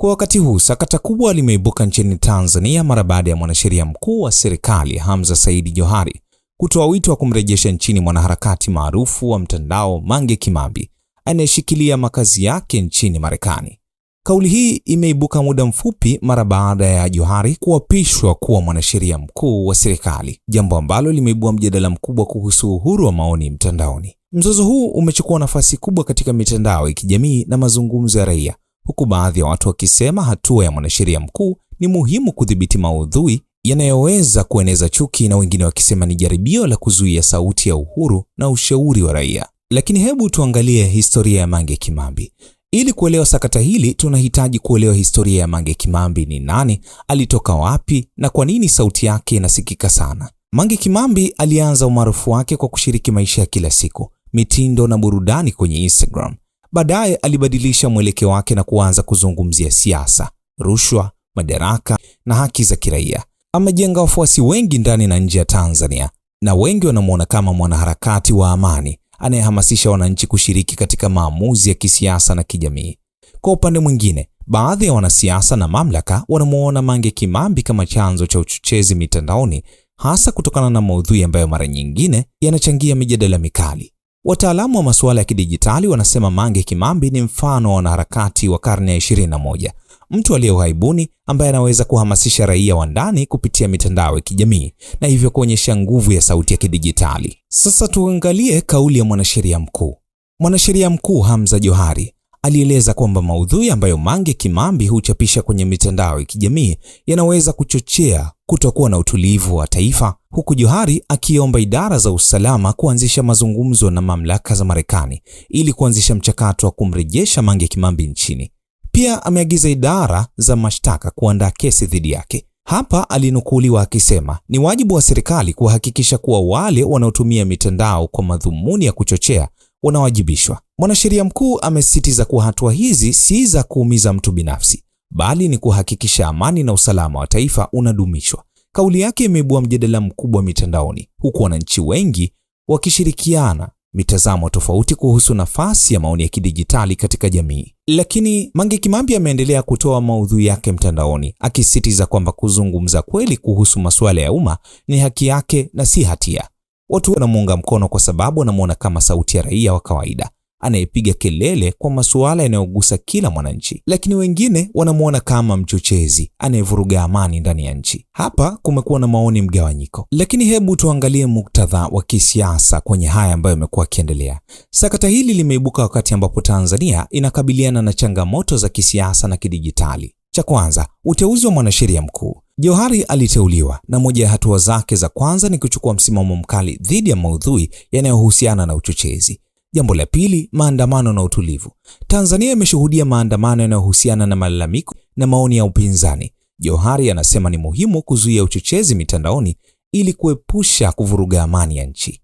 Kwa wakati huu sakata kubwa limeibuka nchini Tanzania mara baada ya mwanasheria mkuu wa serikali Hamza Saidi Johari kutoa wito wa kumrejesha nchini mwanaharakati maarufu wa mtandao Mange Kimambi anayeshikilia makazi yake nchini Marekani. Kauli hii imeibuka muda mfupi mara baada ya Johari kuapishwa kuwa mwanasheria mkuu wa serikali, jambo ambalo limeibua mjadala mkubwa kuhusu uhuru wa maoni mtandaoni. Mzozo huu umechukua nafasi kubwa katika mitandao ya kijamii na mazungumzo ya raia huku baadhi ya watu wakisema hatua ya mwanasheria mkuu ni muhimu kudhibiti maudhui yanayoweza kueneza chuki na wengine wakisema ni jaribio la kuzuia sauti ya uhuru na ushauri wa raia. Lakini hebu tuangalie historia ya Mange Kimambi. Ili kuelewa sakata hili, tunahitaji kuelewa historia ya Mange Kimambi: ni nani, alitoka wapi, na kwa nini sauti yake inasikika sana. Mange Kimambi alianza umaarufu wake kwa kushiriki maisha ya kila siku, mitindo na burudani kwenye Instagram. Baadaye alibadilisha mwelekeo wake na kuanza kuzungumzia siasa, rushwa, madaraka na haki za kiraia. Amejenga wafuasi wengi ndani na nje ya Tanzania, na wengi wanamwona kama mwanaharakati wa amani anayehamasisha wananchi kushiriki katika maamuzi ya kisiasa na kijamii. Kwa upande mwingine, baadhi ya wanasiasa na mamlaka wanamuona Mange Kimambi kama chanzo cha uchochezi mitandaoni, hasa kutokana na maudhui ambayo mara nyingine yanachangia mijadala mikali. Wataalamu wa masuala ya kidijitali wanasema Mange Kimambi ni mfano wa wanaharakati wa karne ya 21, mtu aliye ambaye anaweza kuhamasisha raia wa ndani kupitia mitandao ya kijamii na hivyo kuonyesha nguvu ya sauti ya kidijitali. Sasa tuangalie kauli ya mwanasheria mkuu. Mwanasheria mkuu Hamza Johari alieleza kwamba maudhui ambayo Mange Kimambi huchapisha kwenye mitandao ya kijamii yanaweza kuchochea kutokuwa na utulivu wa taifa, huku Johari akiomba idara za usalama kuanzisha mazungumzo na mamlaka za Marekani ili kuanzisha mchakato wa kumrejesha Mange Kimambi nchini. Pia ameagiza idara za mashtaka kuandaa kesi dhidi yake. Hapa alinukuliwa akisema ni wajibu wa serikali kuhakikisha kuwa wale wanaotumia mitandao kwa madhumuni ya kuchochea wanawajibishwa. Mwanasheria mkuu amesisitiza kuwa hatua hizi si za kuumiza mtu binafsi, bali ni kuhakikisha amani na usalama wa taifa unadumishwa. Kauli yake imeibua mjadala mkubwa mitandaoni, huku wananchi wengi wakishirikiana mitazamo tofauti kuhusu nafasi ya maoni ya kidijitali katika jamii. Lakini Mange Kimambi ameendelea kutoa maudhui yake mtandaoni, akisisitiza kwamba kuzungumza kweli kuhusu masuala ya umma ni haki yake na si hatia. Watu wanamuunga mkono kwa sababu wanamuona kama sauti ya raia wa kawaida anayepiga kelele kwa masuala yanayogusa kila mwananchi, lakini wengine wanamuona kama mchochezi anayevuruga amani ndani ya nchi. Hapa kumekuwa na maoni mgawanyiko, lakini hebu tuangalie muktadha wa kisiasa kwenye haya ambayo yamekuwa yakiendelea. Sakata hili limeibuka wakati ambapo Tanzania inakabiliana na changamoto za kisiasa na kidijitali. Cha kwanza, uteuzi wa mwanasheria mkuu. Johari aliteuliwa na moja ya hatua zake za kwanza ni kuchukua msimamo mkali dhidi ya maudhui yanayohusiana na uchochezi. Jambo la pili, maandamano na utulivu. Tanzania imeshuhudia maandamano yanayohusiana na malalamiko na maoni ya upinzani. Johari anasema ni muhimu kuzuia uchochezi mitandaoni ili kuepusha kuvuruga amani ya nchi.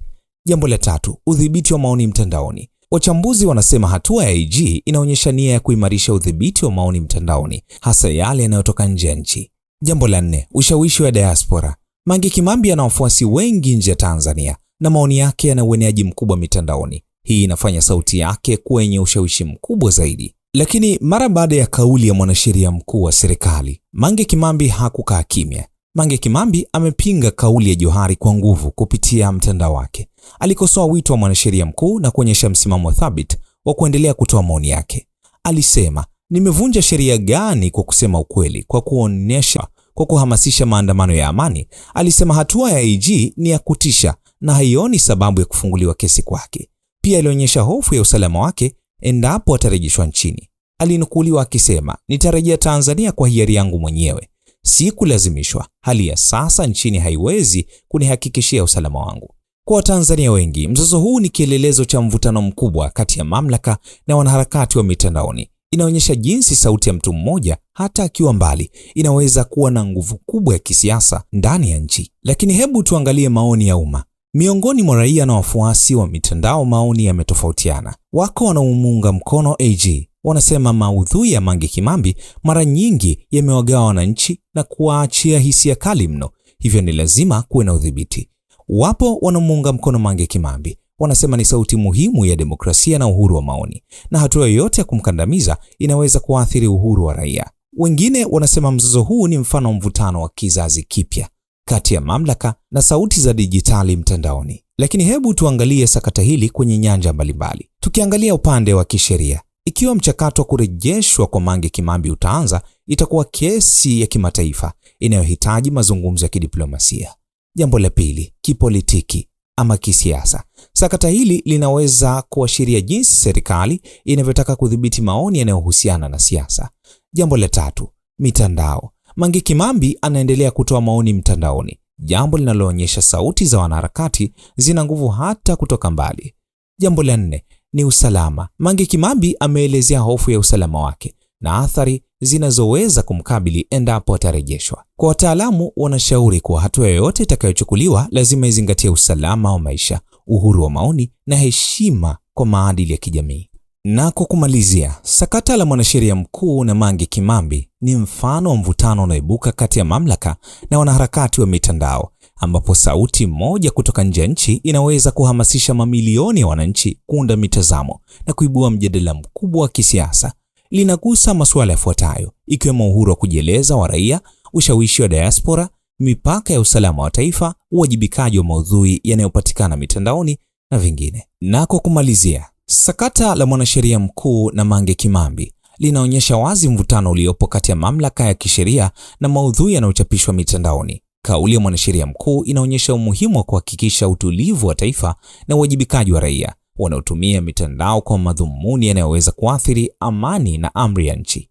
Jambo la tatu, udhibiti wa maoni mtandaoni. Wachambuzi wanasema hatua ya IG inaonyesha nia ya kuimarisha udhibiti wa maoni mtandaoni, hasa yale yanayotoka nje ya nchi. Jambo la nne, ushawishi wa diaspora. Mange Kimambi ana wafuasi wengi nje ya Tanzania na maoni yake yana ueneaji mkubwa mitandaoni. Hii inafanya sauti yake kuwa yenye ushawishi mkubwa zaidi. Lakini mara baada ya kauli ya mwanasheria mkuu wa serikali, Mange Kimambi hakukaa kimya. Mange Kimambi amepinga kauli ya Johari kwa nguvu kupitia mtandao wake. Alikosoa wito wa mwanasheria mkuu na kuonyesha msimamo thabiti wa kuendelea kutoa maoni yake. Alisema nimevunja sheria gani kwa kusema ukweli, kwa kuonesha, kwa kuhamasisha maandamano ya amani? Alisema hatua ya IG ni ya kutisha na haioni sababu ya kufunguliwa kesi kwake. Pia alionyesha hofu ya usalama wake endapo atarejeshwa nchini. Alinukuliwa akisema, nitarejea Tanzania kwa hiari yangu mwenyewe, si kulazimishwa. Hali ya sasa nchini haiwezi kunihakikishia usalama wangu. Kwa Watanzania wengi, mzozo huu ni kielelezo cha mvutano mkubwa kati ya mamlaka na wanaharakati wa mitandaoni. Inaonyesha jinsi sauti ya mtu mmoja, hata akiwa mbali, inaweza kuwa na nguvu kubwa ya kisiasa ndani ya nchi. Lakini hebu tuangalie maoni ya umma. Miongoni mwa raia na wafuasi wa mitandao, maoni yametofautiana. Wako wanaomuunga mkono AG wanasema maudhui ya Mange Kimambi mara nyingi yamewagawa wananchi na kuwaachia hisia kali mno, hivyo ni lazima kuwe na udhibiti. Wapo wanaomuunga mkono Mange Kimambi wanasema ni sauti muhimu ya demokrasia na uhuru wa maoni, na hatua yoyote ya kumkandamiza inaweza kuathiri uhuru wa raia. Wengine wanasema mzozo huu ni mfano wa mvutano wa kizazi kipya kati ya mamlaka na sauti za dijitali mtandaoni. Lakini hebu tuangalie sakata hili kwenye nyanja mbalimbali, tukiangalia upande wa kisheria. Ikiwa mchakato wa kurejeshwa kwa Mange Kimambi utaanza, itakuwa kesi ya kimataifa inayohitaji mazungumzo ya kidiplomasia. Jambo la pili, kipolitiki ama kisiasa. Sakata hili linaweza kuashiria jinsi serikali inavyotaka kudhibiti maoni yanayohusiana na siasa. Jambo la tatu, mitandao. Mange Kimambi anaendelea kutoa maoni mtandaoni, jambo linaloonyesha sauti za wanaharakati zina nguvu hata kutoka mbali. Jambo la nne ni usalama. Mange Kimambi ameelezea hofu ya usalama wake na athari zinazoweza kumkabili endapo atarejeshwa. Kwa wataalamu, wanashauri kuwa hatua yoyote itakayochukuliwa lazima izingatie usalama wa maisha, uhuru wa maoni na heshima kwa maadili ya kijamii. Na kwa kumalizia, sakata la mwanasheria mkuu na mangi Kimambi ni mfano wa mvutano unaoibuka kati ya mamlaka na wanaharakati wa mitandao, ambapo sauti moja kutoka nje ya nchi inaweza kuhamasisha mamilioni ya wananchi kuunda mitazamo na kuibua mjadala mkubwa wa kisiasa linagusa masuala yafuatayo ikiwemo uhuru wa kujieleza wa raia, ushawishi wa diaspora, mipaka ya usalama wa taifa, uwajibikaji wa maudhui yanayopatikana mitandaoni na vingine. Na kwa kumalizia, sakata la mwanasheria mkuu na Mange Kimambi linaonyesha wazi mvutano uliopo kati ya mamlaka ya kisheria na maudhui yanayochapishwa mitandaoni. Kauli ya mwanasheria mkuu inaonyesha umuhimu wa kuhakikisha utulivu wa taifa na uwajibikaji wa raia wanaotumia mitandao kwa madhumuni yanayoweza kuathiri amani na amri ya nchi.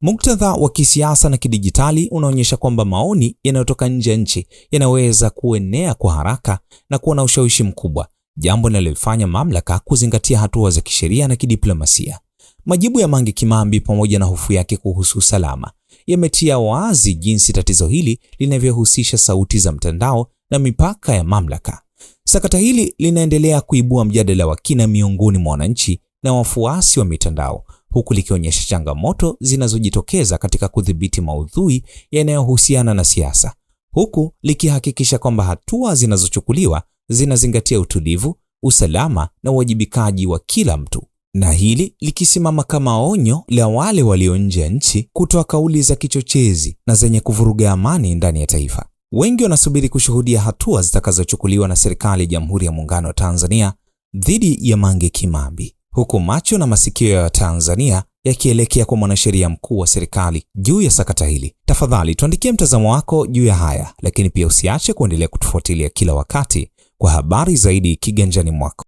Muktadha wa kisiasa na kidijitali unaonyesha kwamba maoni yanayotoka nje ya nchi yanaweza kuenea kwa haraka na kuwa na ushawishi mkubwa, jambo linalofanya mamlaka kuzingatia hatua za kisheria na kidiplomasia. Majibu ya Mange Kimambi pamoja na hofu yake kuhusu usalama yametia wazi jinsi tatizo hili linavyohusisha sauti za mtandao na mipaka ya mamlaka. Sakata hili linaendelea kuibua mjadala wa kina miongoni mwa wananchi na wafuasi wa mitandao, huku likionyesha changamoto zinazojitokeza katika kudhibiti maudhui yanayohusiana na siasa, huku likihakikisha kwamba hatua zinazochukuliwa zinazingatia utulivu, usalama na uwajibikaji wa kila mtu, na hili likisimama kama onyo la wale walio nje ya nchi kutoa kauli za kichochezi na zenye kuvuruga amani ndani ya taifa. Wengi wanasubiri kushuhudia hatua zitakazochukuliwa na serikali ya Jamhuri ya Muungano wa Tanzania dhidi ya Mange Kimambi, huku macho na masikio ya Tanzania yakielekea kwa mwanasheria mkuu wa serikali juu ya sakata hili. Tafadhali tuandikie mtazamo wako juu ya haya, lakini pia usiache kuendelea kutufuatilia kila wakati kwa habari zaidi kiganjani mwako.